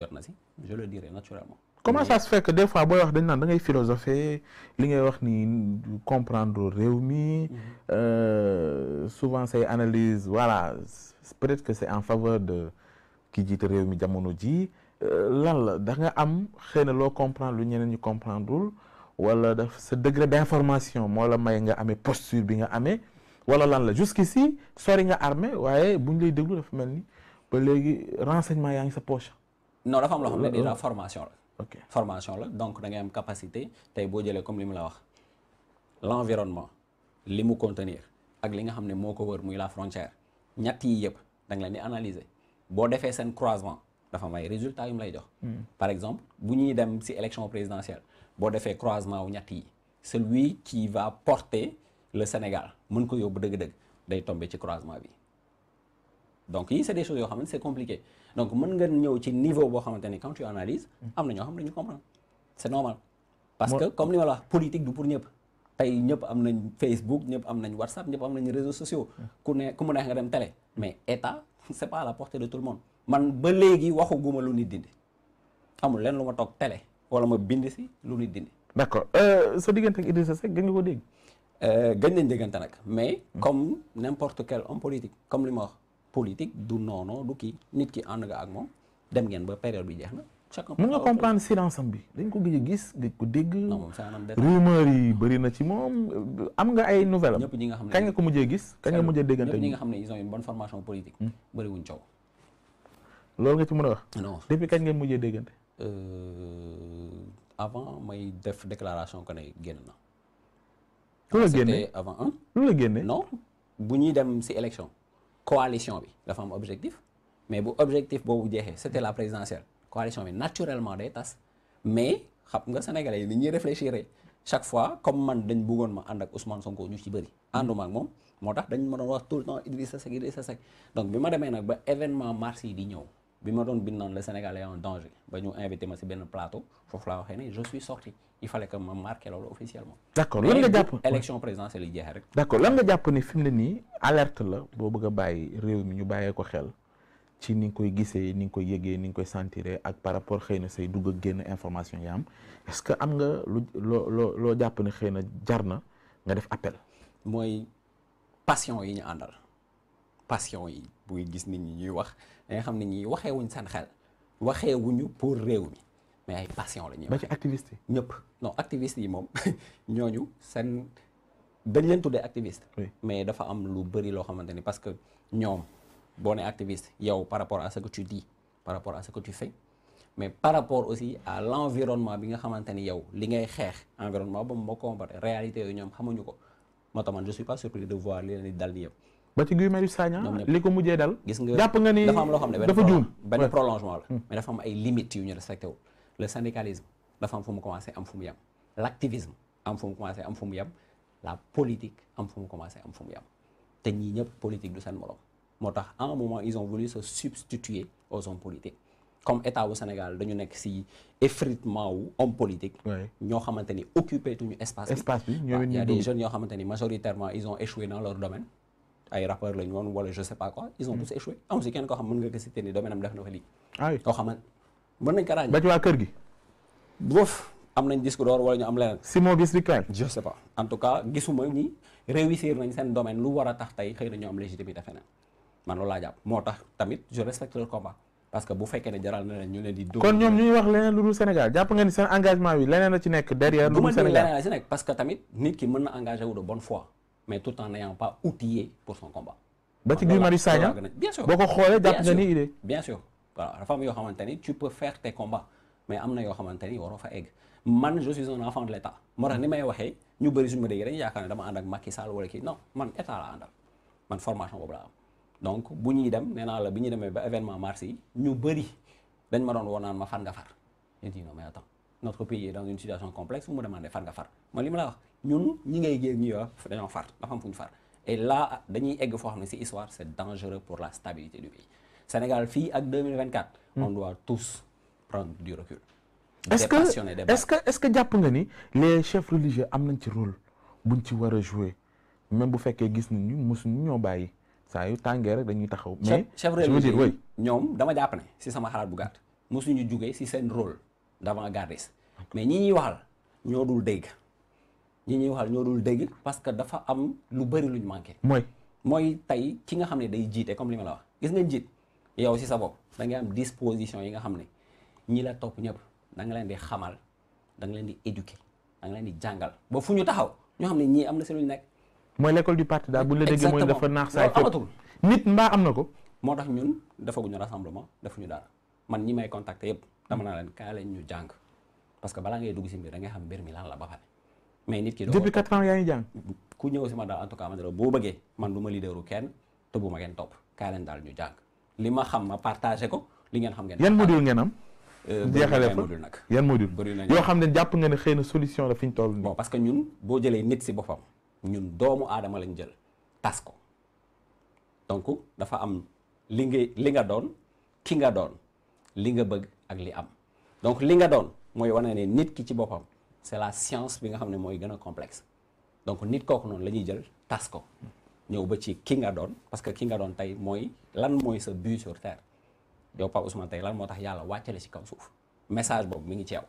jot na le dirai naturellement. comment ça se fait que des fois booy wax dañ naan da ngay li ngay wax ni comprendre réew mi mhm. euh, souvent say analyse voilà peut-être que c'est en faveur de ki jiite réew mi jamono ji euh, lan la da nga am xëy na loo comprendre lu ñeneen ñu comprendre wul wala daf sa degré d'information moo la may nga amee posture bi nga amee wala lan la jusqu'ici sori nga armé waaye bu ñu lay déglu dafa mel ni ba léegi renseignement yaa ngi sa poche non dafa am loo xam ne déjà formation la. ok formation la donc da ngay am capacité tey boo jëlee comme li mu la wax l' environnement li mu contenir ak li nga xam ne moo ko wër muy la frontière ñett yi yëpp da leen di analyser boo defee seen croisement dafa may résultat yu mu lay jox. Hmm. par exemple bu ñuy dem si élection présidentielle boo defee croisement wu ñett yi celui qui va porter le Sénégal mën ko yóbbu dëgg-dëgg day tomber ci croisement bi. donc yii c' est des choses yoo xamante c' est compliqué donc mën nga ñëw ci niveau boo xamante ni quand tu am na ñoo xam ne dañu comprendre c' normal parce que comme li ma wax politique du pour ñëpp tey ñëpp am nañ Facebook ñëpp am nañ WhatsApp ñëpp am nañ réseaux sociaux ku ne ku mu neex nga dem télé mais état c' est pas la portée de tout le monde man ba léegi waxu guma lu nit dindi amul len lu ma toog tele wala ma bind si lu nit dindi d' accord euh, diggante ak Idrissa gën euh, nañ déggante nag mais comme n' importe politique comme li ma wax politique du noonoo du kii nit ki ànd nga ak moom dem ngeen ba période bi jeex na. chacun mën nga comprendre silence am bi dañ ko gis dañ ko dégg. rumeur yi bëri na ci moom am nga ay nouvelle ñëpp ñi nga xam ne kañ nga ko mujjee gis. kañ nga mujjee déggante ñëpp ñi nga xam ne ils ont une hmm. loolu nga mën a wax. non depuis kañ ngeen mujjee déggante. Euh, avant may def déclaration que génn na. lu la génne avant un lu bu ñuy dem si élection. coalition bi dafa am objectif mais bu objectif boobu jeexee c'était la présidentielle coalition bi naturellement day tas mais xam nga sénégalais yi ni ñuy réfléchir chaque fois comme man dañ bëggoon ma ànd ak Ousmane Sonko ñu ci bëri ànduma ak moom moo tax dañ ma doon wax tout le temps Idrissa Seck sa Seck donc bi ma demee nag ba événement mars yi di ñëw bi ma doon bind naan le Sénégal est en danger ba ñu invité ma si benn plateau foofu laa waxee ne je suis sorti il fallait que ma marqué loolu officiellement. d' accord lan nga jàpp jeexee rek. lan nga jàpp ne fi ne nii alerte la boo bëgg a bàyyi réew mi ñu bàyyee ko xel ci ni nga koy gisee ni nga koy yëgee ni nga koy sentiree ak par rapport xëy na say dugg ak génn information yi am est ce que am nga lu loo loo loo jàpp ne xëy na jar na nga def appel. mooy passion yi ñu àndal passion yi buy gis nit ñi ñuy wax. da xam ne ñii waxee wuñ seen xel waxee pour réew mi mais ay passion la ñuy ba ci activiste ñëpp non activiste yi moom ñooñu seen dañ leen tuddee activiste mais dafa am lu bëri loo xamante ni parce que ñoom boo ne activiste yow par rapport à ce que tu dis par rapport à ce que tu fais mais par rapport aussi à l'environnement bi nga xamante ni yow li ngay xeex environnement ba mu ma combattre réalité yooyu ñoom xamuñu ko moo tax man je suis de voir li leen di dal yëpp ba ci Guy Marius Sagna li ko mujjee dal. gis nga jàpp dafa am loo xam ne dafa juum benn prolongement la. Hmm. mais dafa am ay limites yu ñu respecté wu. le syndicalisme dafa am fu mu commencé am fu mu yem l' activisme am fu mu yem la politique am fu mu commencé am fu mu yem te ñii ñëpp politique du seen morom moo tax en un moment ils ont voulu se substituer aux hommes politiques comme état wu Sénégal dañu nekk si effritement wu homme politique. ñoo xamante ni occupé tuñu espace espace bi y' a des jeunes yoo ay rappeurs lañ woon wala je sais pas hmm. tous échoué amu si kenn koo xam mën nga ko citer ni domaine am def na fa lii ah oui koo xam mën nañ ko ràññee ba ci waa am nañ disque d'or wala ñu am leneen Simon Bisley Kane je sais lu war tax tey xëy na ñu am légitimité feneen man loolu laa jàpp moo tax tamit je respecte leur combat parce que bu fekkee ne jaral na kon ñoom ñuy wax leneen lu dul Sénégal jàpp nga ni seen engagement bi leneen la ci nekk parce que tamit nit ki mën na engagé wu de bonne foi. mais tout en n'ayant pas outillé pour son combat. ba ci Guy Marius Sagna bien boo ko xoolee jàpp nga ni idée. bien sûr voilà dafa am yoo xamante ni tu peux faire mais am na yoo xamante ni waroo fa egg man je suis un enfant de l' état moo tax ni may waxee ñu bëri suñu ma déggee dañuy yaakaar ne dama ànd ak Macky Sall wala kii non man état la àndal man formation boobu la am donc bu ñuy dem nee naa la bi ñuy demee ba événement mars yi ñu bëri dañ ma doon woo naan ma fan nga far ñu di non mais attends notre pays est dans une situation complexe bu mu demandé far nga far mooy li ma wax ñun ñi ngay géeg ñu wax dañoo far dafa far et là dañuy egg foo xam ne si histoire c' est dangereux pour la stabilité du pays Sénégal fii ak 2024 hmm. on doit tous prendre du recul est-ce que est-ce que est-ce que jàpp nga ni les chefs religieux am nañ ci rôle buñ ci war a jouer même bu fekkee gis nañ ñu mosuñu ñoo bàyyi saa yu tàngee rek dañuy taxaw mais chef religieux ñoom dama jàpp si sama xalaat bu gàtt jugee si seen rôle d'avant-gardiste mais ñi ñuy waxal ñoo dul dégg ñi ñuy waxal ñoo dul dégg parce que dafa am lu bëri luñ manqué. mooy mooy tey ki nga xam ne day jiite comme li ma la wax gis nga jiit yow si sa bopp da ngay am disposition yi nga xam ne ñi la topp ñëpp da nga leen di xamal danga nga leen di éduquer da nga leen di jàngal ba fu ñu taxaw ñoo xam ne ñii am na si lu ñu nekk. mooy l'école du parti daal bu ñu la déggee mooy dafa naax saa amatul nit mbaa am na ko. moo tax ñun defaguñu rassemblement defuñu dara. man ñi may contacter yëpp dama naa leen kaa leen ñu jàng parce que balaa ngay dugg si mbir da xam mbir mi lan la ba pare mais nit ki doo depuis quatre ans yaa ngi jàng ku man boo ma leaderu kenn te bu ma ngeen topp daal ñu jàng li ma xam ma partagé ko li ngeen xam ngeen yan module ngeen am euh, jeexale fa module nag yan module bëri na yoo xam ne jàpp nga ne xëy na solution fi ñu toll bon parce que ñun boo jëlee nit si boppam ñun doomu aadama lañ jël tas ko donc dafa am li nga li nga doon ki nga doon li nga bëgg ak li am donc li nga doon mooy wane ne nit ki ci boppam c'est la science bi nga xam ne mooy gën a complexe donc nit kooku noonu la ñuy jël tas ko ñëw ba ci ki nga doon parce que ki nga doon tey mooy lan mooy sa but sur terre yow Pape tey lan moo tax yàlla wàccale ci kaw suuf message boobu mi ngi ci yow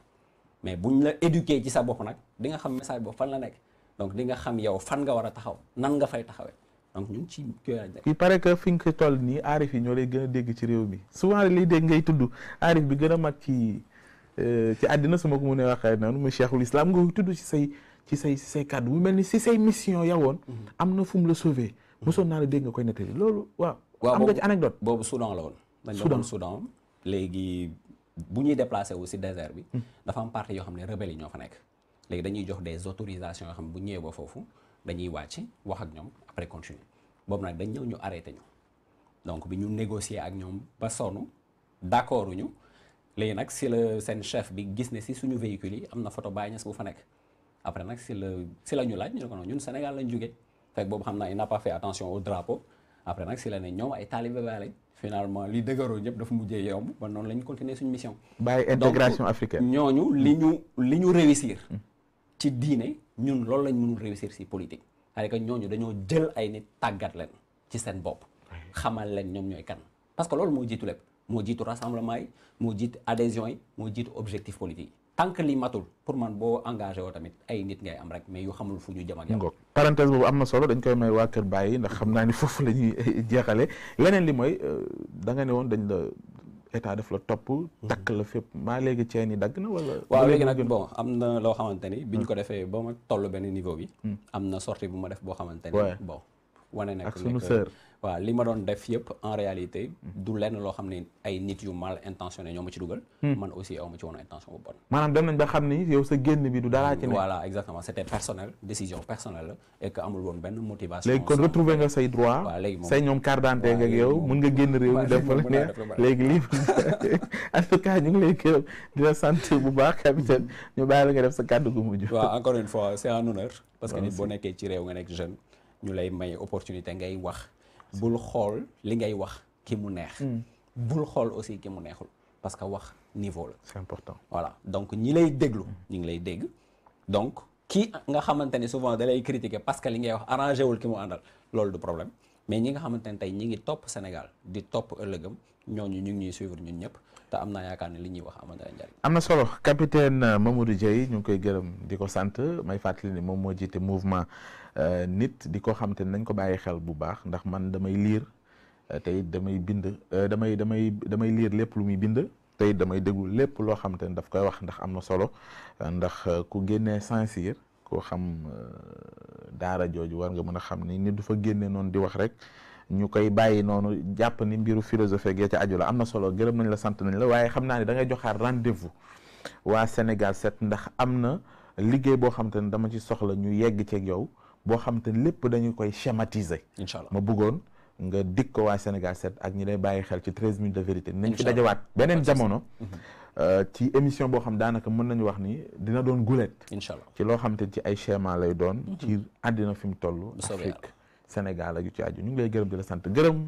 mais bu buñ la éduquer ci sa bopp nag di nga xam message boobu fan la nekk donc di nga xam yow fan nga war a taxaw nan nga fay taxawee donc ñu ngi que fi nga ko toll nii aarif yi ñoo lay gën a dégg ci réew mi souvent liy dégg ngay tudd aarif bi gën a mag ci euh, ci àddina su ma ko mënee waxee noonu muy cheikhul islam nga tudd ci say ci say ci say kàddu mu mel ni si say mission yowoon mhm. am na fu mu la sauver mhm. mosoon naa la dégg nga koy nettali loolu waaw am nga ci anecdote boobu Soudan la woon dañ doon Soudan léegi bu ñuy déplacé wu si désert bi mhm. dafa am parti yoo xam ne rebelles yi ñoo fa nekk léegi dañuy jox des autorisations yoo xam ne bu ñëwee ba foofu dañuy boobu nag dañ ñëw ñu arrêté ñu donc bi ñu négocier ak ñoom ba sonn d'accord ñu léegi nag si la seen chef bi gis ne si suñu véhicule yi am na photo Baye Niass bu fa nekk après nag si la si la ñu laaj ñu ne ñun Sénégal lañ jógee fekk boobu xam n'a pas fait attention au drapeau après nag si la ne ñoom ay talibé Baye lañ finalement li ñëpp dafa mujjee yomb ba noonu lañ continuer suñu mission. Baye intégration africaine ñooñu li ñu li ñu réussir. ci diine ñun loolu lañ mënul réussir si politique. c'est-à-dire que ñooñu dañoo jël ay nit tàggat leen ci seen xamal leen ñoom ñooy kan parce que loolu moo jiitu lépp moo jiitu rassemblement yi moo jiitu adhésion yi moo jiitu objectif politique yi tant que li matul pour man boo engagé woo tamit ay nit ngay am rek mais yu xamul fu ñu jëm ak yow parenthèse boobu am na solo dañ koy may waa Kër Baye ndax xam naa ni foofu la ñuy jeexale leneen li mooy euh, da ne woon état daf la topp. takk la fépp maa léegi ceen dagg na wala. waaw léegi nag bo am na loo xamante ni. bi ko defee ba ma toll benn niveau bi. Hmm. am na sortie bu ma def boo xamante ni bon. wane ne que waaw li ma doon def yëpp en réalité du lenn loo xam ne ay nit yu mal intentionné ñoo ci dugal hmm. man aussi aw ma ci woon intention bu bon maanaam dem nañ ba xam ni yow sa génn bi du dara ci ne voilà exactement c'était personnel décision personnelle la et que amul woon benn motivation léegi kon droit say ñoom carte nga ak mun nga génn réew mi dem fa la neex léegi lii ñu ngi lay gërëm di bu baax capitaine ñu bàyyi la nga def sa kàddu gu mujj waaw encore une fois c'est un honneur parce que nit boo nekkee ci réew nga nekk jeune ñu lay may opportunité ngay wax bul xool li ngay wax ki mu neex mm. bul xool aussi ki mu neexul parce que wax niveau la c'est donc ñi lay déglu ñi ngi lay dégg donc kii nga xamante ni souvent da lay critiquer parce que li ngay wax arrangé wul ki mu àndal loolu du problème mais ñi nga xamante ne tey ñi ngi topp Sénégal di topp ëllëgam ñooñu ñu ngi ñuy suivre ñun ñëpp te am na yaakaar ne li ñuy wax amal na njariñ am na solo capitaine Mamadou Dieye ñu ngi koy gërëm di ko sant may fàttali ne moom moo jiite mouvement euh, nit di ko xam te nañ ko bàyyi xel bu baax ndax man damay liir euh, tey damay bind euh, damay damay damay liir lépp lu muy bind tey damay déglu lépp loo xam te ne daf koy wax ndax am na solo ndax ku génnee saint koo xam daara jooju war nga mën a xam ni ni du fa génne noonu di wax rek ñu koy bàyyi noonu jàpp ni mbiru philosophie ak ya ca aju la am na solo gërëm nañ la sant nañu la waaye xam naa ne da ngay joxaat rendez-vous waa Sénégal set ndax am na liggéey boo xam te dama ci soxla ñu yegg ceeg yow boo xam te lépp dañu koy schématiser. incha allah ma bëggoon nga dikk ko waa Sénégal set ak ñi lay bàyyi xel ci 13 minutes de vérité. nañ ci dajawaat beneen jamono. Mm-hmm. Euh, ci émission boo xam daanaka mën nañu wax ni dina doon gulet. incha allah ci loo xam te ci ay schéma lay doon. Mhm. ci addina fi mu toll. Afrique Sénégal ak yu ci aju ñu ngi lay gërëm di sant gërëm.